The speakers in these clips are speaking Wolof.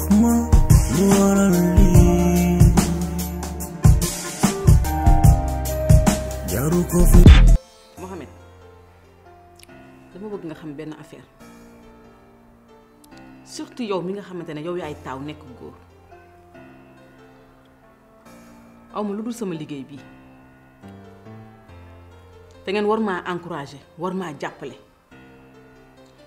jox ma lu waral lii jaru ko fi Mohamed dama bëgg nga xam benn affaire surtout yow mi nga xamante ne yow yaay taaw nekk góor awma lu dul sama liggéey bi te ngeen war maa encourager war maa jàppale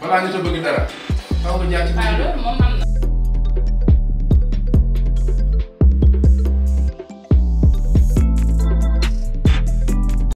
balaa nga ca bëgg dara. taw nga jaar ci.